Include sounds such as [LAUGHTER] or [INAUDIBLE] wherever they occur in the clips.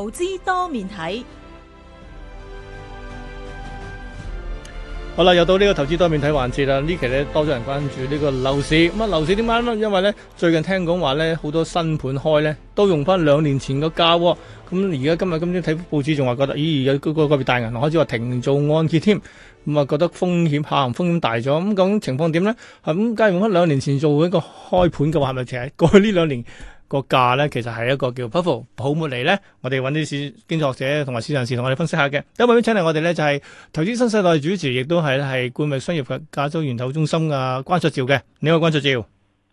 投資多面睇，好啦，又到呢個投資多面睇環節啦。期呢期咧多咗人關注呢個樓市，咁啊樓市點解咧？因為咧最近聽講話咧，好多新盤開咧都用翻兩年前個價。咁而家今日今朝睇報紙，仲話覺得咦有個個別大銀行開始話停做按揭添。咁啊覺得風險下行，風險大咗。咁、嗯、咁情況點咧？咁梗係用翻兩年前做一個開盤嘅話，係咪淨係過去呢兩年？個價咧，其實係一個叫 p f 泡沫泡沫嚟咧。普普呢我哋揾啲市經濟學者同埋市場人士同我哋分析下嘅。第一位請嚟，我哋咧就係、是、投資新世代主持，亦都係咧冠域商業嘅亞洲研究中心啊。關焯照嘅。你好，關焯照。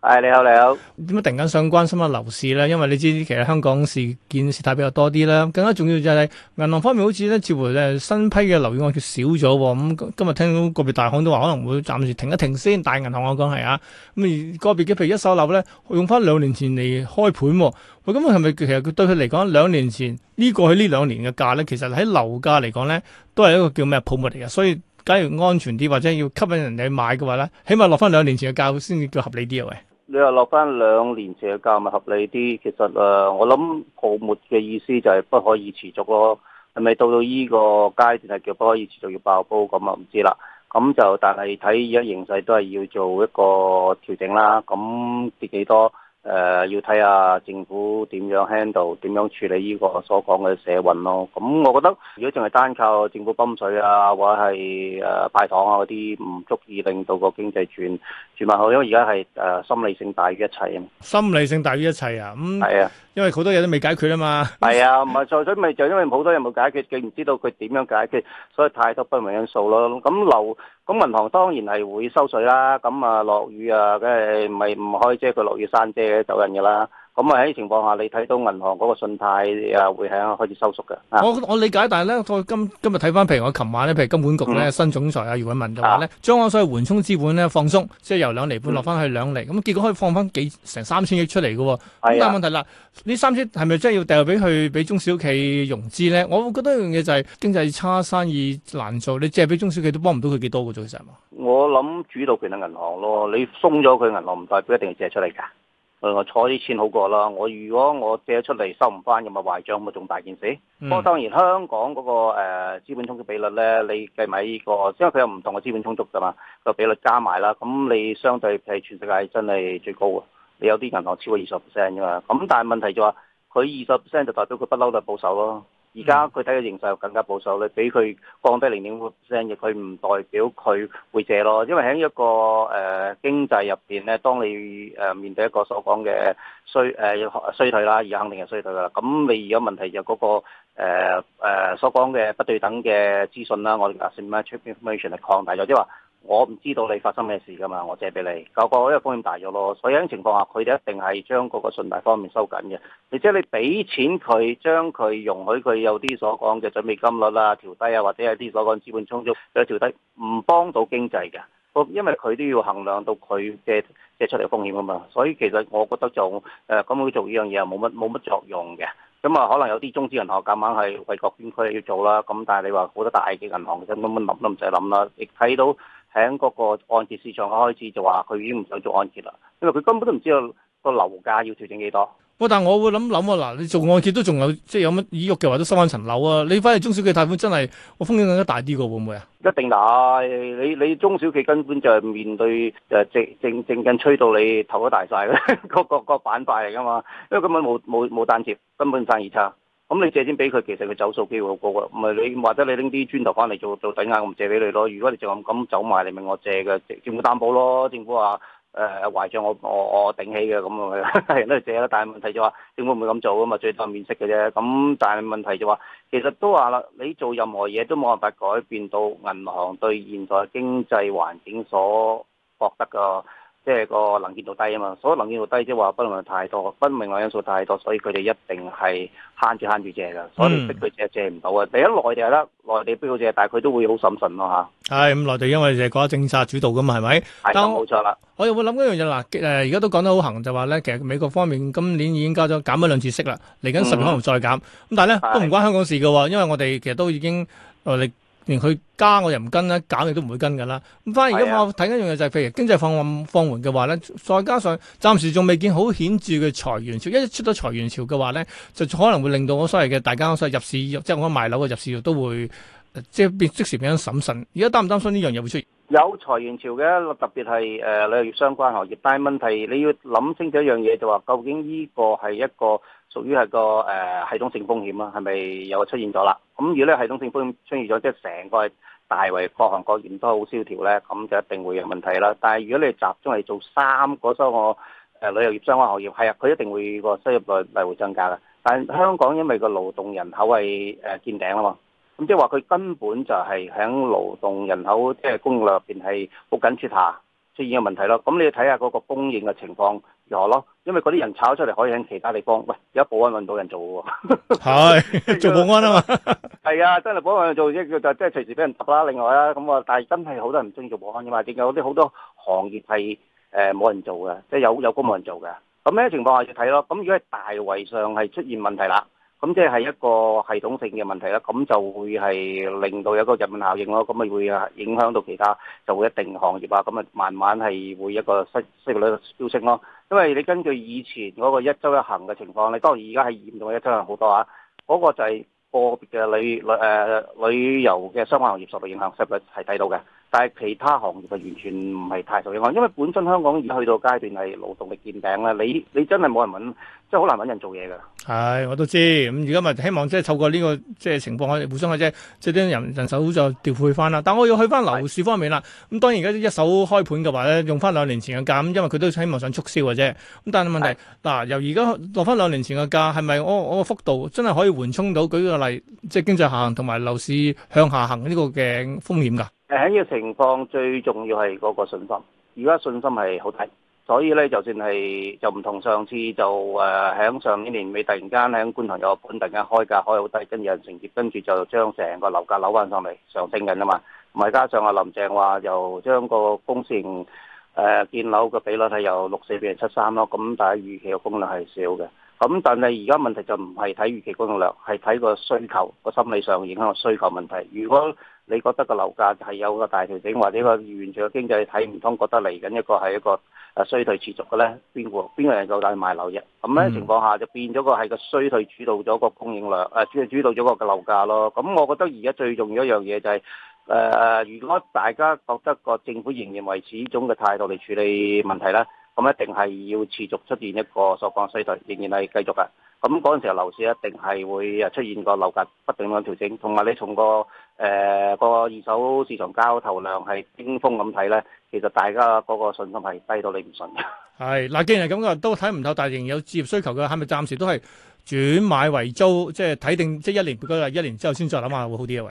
係、哎、你好，你好。點解突然間想關心下樓市咧？因為你知其實香港事件事態比較多啲啦。更加重要就係銀行方面，好似咧似乎咧新批嘅樓宇按揭少咗，喔。咁、嗯、今日聽到個別大行都話可能會暫時停一停先。大銀行我講係啊。咁、嗯、而個別嘅譬如一手樓咧，用翻兩年前嚟開盤，喔。喂，咁係咪其實對佢嚟講，兩年前、這個、去兩年呢個喺呢兩年嘅價咧，其實喺樓價嚟講咧，都係一個叫咩泡沫嚟嘅。所以假如安全啲或者要吸引人哋買嘅話咧，起碼落翻兩年前嘅價先至叫合理啲嘅，啊。你話落翻兩年前嘅價咪合理啲？其實誒、啊，我諗泡沫嘅意思就係不可以持續咯。係咪到到呢個階段係叫不可以持續要爆煲咁啊？唔知啦。咁就但係睇而家形勢都係要做一個調整啦。咁跌幾多？誒要睇下政府點樣 handle，點樣處理呢個所講嘅社運咯。咁我覺得如果淨係單靠政府泵水啊，或者係誒派糖啊嗰啲，唔足以令到個經濟轉轉埋好，因為而家係誒心理性大於一切啊。心理性大於一切啊？咁係啊，因為好多嘢都未解決啊嘛。係啊，唔係在所以咪就因為好多嘢冇解決，佢唔知道佢點樣解決，所以太多不明因素咯。咁留。咁銀行當然係會收稅啦，咁啊落雨啊，梗係唔係唔開遮？佢落雨山遮走人㗎啦。咁啊喺情況下，你睇到銀行嗰個信貸啊，會喺開始收縮嘅。啊、我我理解，但係咧，我今今日睇翻，譬如我琴晚咧，譬如金管局咧新總裁啊，余偉文嘅話咧，將嗰啲所謂緩衝資本咧放鬆，即係由兩厘半落翻去兩厘。咁、嗯、結果可以放翻幾成三千億出嚟嘅、哦。啊、但係問題啦，呢三千係咪真係要掉俾佢？俾中小企融資咧？我覺得一樣嘢就係、是、經濟差，生意難做，你借俾中小企都幫唔到佢幾多嘅啫。其實係嘛，我諗主導權係銀行咯，你鬆咗佢銀行，唔代表一定要借出嚟㗎。我坐啲錢好過啦，我如果我借咗出嚟收唔翻，咁咪壞帳咪仲大件事。不過當然香港嗰個誒資本充足比率咧，你計埋呢個，因為佢有唔同嘅資本充足㗎嘛，個比率加埋啦，咁你相對係全世界真係最高啊！你有啲銀行超過二十 percent 㗎嘛，咁但係問題就話佢二十 percent 就代表佢不嬲都係保守咯。而家佢睇嘅形勢又更加保守咧，俾佢降低零點五 percent 嘅，佢唔代表佢會借咯，因為喺一個誒、呃、經濟入邊咧，當你誒面對一個所講嘅衰誒、呃、衰退啦，而肯定係衰退啦。咁你而家問題就嗰、那個誒、呃呃、所講嘅不對等嘅資訊啦，我哋啊什麼啊 asymmetric information 係擴大咗，即係話。我唔知道你發生咩事㗎嘛，我借俾你，個個因為風險大咗咯，所以呢種情況下，佢哋一定係將嗰個信貸方面收緊嘅。即你即係你俾錢佢，將佢容許佢有啲所講嘅準備金率啊調低啊，或者有啲所講資本充足又調低，唔幫到經濟嘅。因為佢都要衡量到佢嘅即出嚟風險㗎嘛，所以其實我覺得就誒咁去做呢樣嘢冇乜冇乜作用嘅。咁啊，可能有啲中資銀行咁硬係為國捐軀要做啦。咁但係你話好多大嘅銀行，根本諗都唔使諗啦。亦睇到。喺嗰個按揭市場開始就話佢已經唔想做按揭啦，因為佢根本都唔知道個樓價要調整幾多。我、哦、但係我會諗諗啊嗱，你做按揭都仲有，即係有乜意欲嘅話都收翻層樓啊！你反而中小企貸款真係我風險更加大啲嘅，會唔會啊？一定係你你中小企根本就係面對誒、呃、正正正緊吹到你頭都大晒。嘅， [LAUGHS] 各各個板塊嚟嘅嘛，因為根本冇冇冇單接，根本生意差。咁你借錢俾佢，其實佢走數機會好高㗎。唔係你或者你拎啲磚頭翻嚟做，抵押我唔借俾你咯。如果你就咁咁走埋，你咪我借嘅政府擔保咯，政府話誒壞賬我我我頂起嘅咁啊，係都係借啦。但係問題就話、是、政府會唔會咁做啊？嘛最多面色嘅啫。咁但係問題就話、是，其實都話啦，你做任何嘢都冇辦法改變到銀行對現在經濟環境所獲得嘅。即係個能見度低啊嘛，所以能見度低即係話不明太多，不明嘅因素太多，所以佢哋一定係慳住慳住借㗎。所以逼佢借借唔到啊！第一內地啦，內地比較借，但係佢都會好審慎咯、啊、吓，係咁內地因為就係國家政策主導㗎嘛，係咪？係冇我錯啦。我又會諗一樣嘢嗱，誒而家都講得好行，就話咧，其實美國方面今年已經加咗減咗兩次息啦，嚟緊十月可能再減。咁、嗯、但係咧都唔關香港事㗎喎，因為我哋其實都已經我哋。連佢加我又唔跟啦，減亦都唔會跟噶啦。咁反而而家我睇緊一樣嘢就係譬如經濟放緩放緩嘅話咧，再加上暫時仲未見好顯著嘅裁員潮，一出咗裁員潮嘅話咧，就可能會令到我所謂嘅大家所謂入市，即係我買樓嘅入市都會即係即時變咗審慎。而家擔唔擔心呢樣嘢會出現？有裁員潮嘅，特別係誒旅遊業相關行業，但係問題你要諗清楚一樣嘢，就話究竟呢個係一個。屬於係個誒系統性風險啦，係咪又出現咗啦？咁如果咧系統性風險出現咗，即係成個大圍各行各業都好蕭條咧，咁就一定會有問題啦。但係如果你集中係做三個收我誒旅遊業相關行業，係啊，佢一定會個收入率係會增加啦。但係香港因為個勞動人口係誒見頂啦嘛，咁即係話佢根本就係喺勞動人口即係、就是、供應入邊係捉緊蝕下出現嘅問題咯。咁你要睇下嗰個供應嘅情況。咯。因為嗰啲人炒出嚟可以喺其他地方。喂，而家保安搵到人做喎。係 [LAUGHS] [LAUGHS] 為做保安啊嘛。係啊，真係保安搵人做啫，就即係隨時俾人揼啦。另外啦，咁啊，但係真係好多人唔中意做保安嘅嘛。點解嗰啲好多行業係誒冇人做嘅？即係有有工冇人做嘅。咁咩個情況要睇咯。咁如果係大圍上係出現問題啦。咁即係一個系統性嘅問題啦，咁就會係令到有個滲透效應咯，咁咪會啊影響到其他，就會一定行業啊，咁啊慢慢係會一個失、失業率嘅飆升咯。因為你根據以前嗰個一周一行嘅情況，你當然而家係嚴重嘅一周一行好多啊，嗰、嗰個就係個別嘅旅旅、呃、旅遊嘅相關行業受到影響，失業率係睇到嘅。但係其他行業就完全唔係太受影響，因為本身香港而家去到階段係勞動力見頂啦。你你真係冇人揾，真係好難揾人做嘢㗎。係、哎，我都知。咁而家咪希望即係透過呢、這個即係、這個這個、情況，我哋互相嘅啫，即係啲人人手就調配翻啦。但我要去翻樓市方面啦。咁是當然而家一手開盤嘅話咧，用翻兩年前嘅價，因為佢都希望想促銷嘅啫。咁但係問題嗱是、啊，由而家落翻兩年前嘅價，係咪我我個幅度真係可以緩衝到？舉個例，即係經濟下行同埋樓市向下行呢個嘅風險㗎？誒，喺呢個情況，最重要係嗰個信心，而家信心係好低，所以咧，就算係就唔同上次就誒，喺上一年尾突然間喺觀塘有個盤突然間開價開好低，跟住有人承接，跟住就將成個樓價扭翻上嚟，上升緊啊嘛，唔係。加上阿林鄭話又將個公私誒建樓嘅比率係由六四變成七三咯，咁大家預期嘅供量係少嘅。咁但係而家問題就唔係睇預期供應量，係睇個需求個心理上影響個需求問題。如果你覺得個樓價係有個大調整，或者個完全個經濟睇唔通，覺得嚟緊一個係一個誒衰退持續嘅咧，邊個邊個人夠膽買樓嘅？咁、嗯、咧情況下就變咗個係個衰退主導咗個供應量誒，主導咗個樓價咯。咁、嗯、我覺得而家最重要一樣嘢就係、是、誒、呃，如果大家覺得個政府仍然維持依種嘅態度嚟處理問題咧。咁、嗯、一定係要持續出現一個所講衰退，仍然係繼續㗎。咁嗰陣時，樓市一定係會誒出現個樓價不斷咁調整，同埋你從個誒、呃、個二手市場交投量係巔峯咁睇咧，其實大家嗰個信心係低到你唔信嘅。嗱、啊，既然係咁嘅，都睇唔透，但係仍有置業需求嘅，係咪暫時都係轉買為租，即係睇定即係、就是、一年，或者一年之後先再諗下會好啲嘅喂？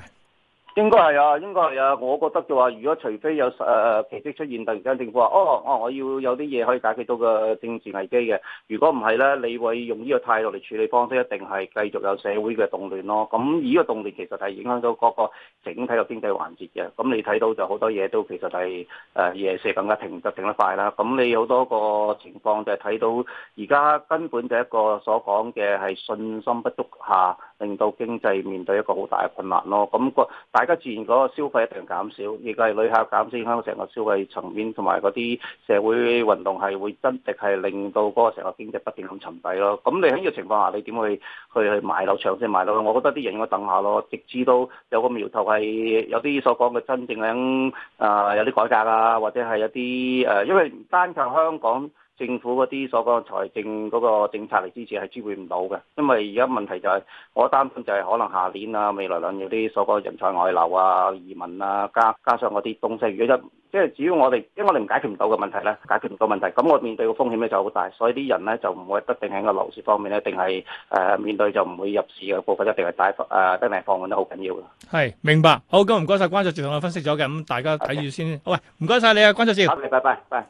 應該係啊，應該係啊，我覺得嘅話，如果除非有誒、呃、奇蹟出現，突然間政府話、哦，哦，我我要有啲嘢可以解決到個政治危機嘅，如果唔係咧，你會用呢個態度嚟處理方式，一定係繼續有社會嘅動亂咯。咁呢個動亂其實係影響到嗰個整體嘅經濟環節嘅。咁你睇到就好多嘢都其實係誒夜色更加停得停得快啦。咁你好多個情況就係睇到而家根本就一個所講嘅係信心不足下，令到經濟面對一個好大嘅困難咯，咁個大家自然嗰個消費一定減少，亦係旅客減少，香港成個消費層面，同埋嗰啲社會運動係會增值，係令到嗰個成個經濟不斷咁沉底咯。咁你喺呢個情況下，你點去去去買樓、長線？買樓？我覺得啲人應該等下咯，直至都有個苗頭係有啲所講嘅真正嘅，啊、呃、有啲改革啊，或者係有啲誒，因為單靠香港。政府嗰啲所講財政嗰個政策嚟支持係支援唔到嘅，因為而家問題就係、是、我擔心就係可能下年啊，未來兩年啲所講人才外流啊、移民啊，加加上嗰啲東西，如果一即係只要我哋，因為我哋唔解決唔到嘅問題咧，解決唔到問題，咁我面對嘅風險咧就好大，所以啲人咧就唔會一定喺個樓市方面咧，一定係誒、呃、面對就唔會入市嘅部分，一定係大，誒低面放緩得好緊要嘅。係明白，好咁唔該晒。關焯照，仲同我分析咗嘅，咁大家睇住先。好，喂，唔該晒你啊，關焯照先，好，拜拜，拜。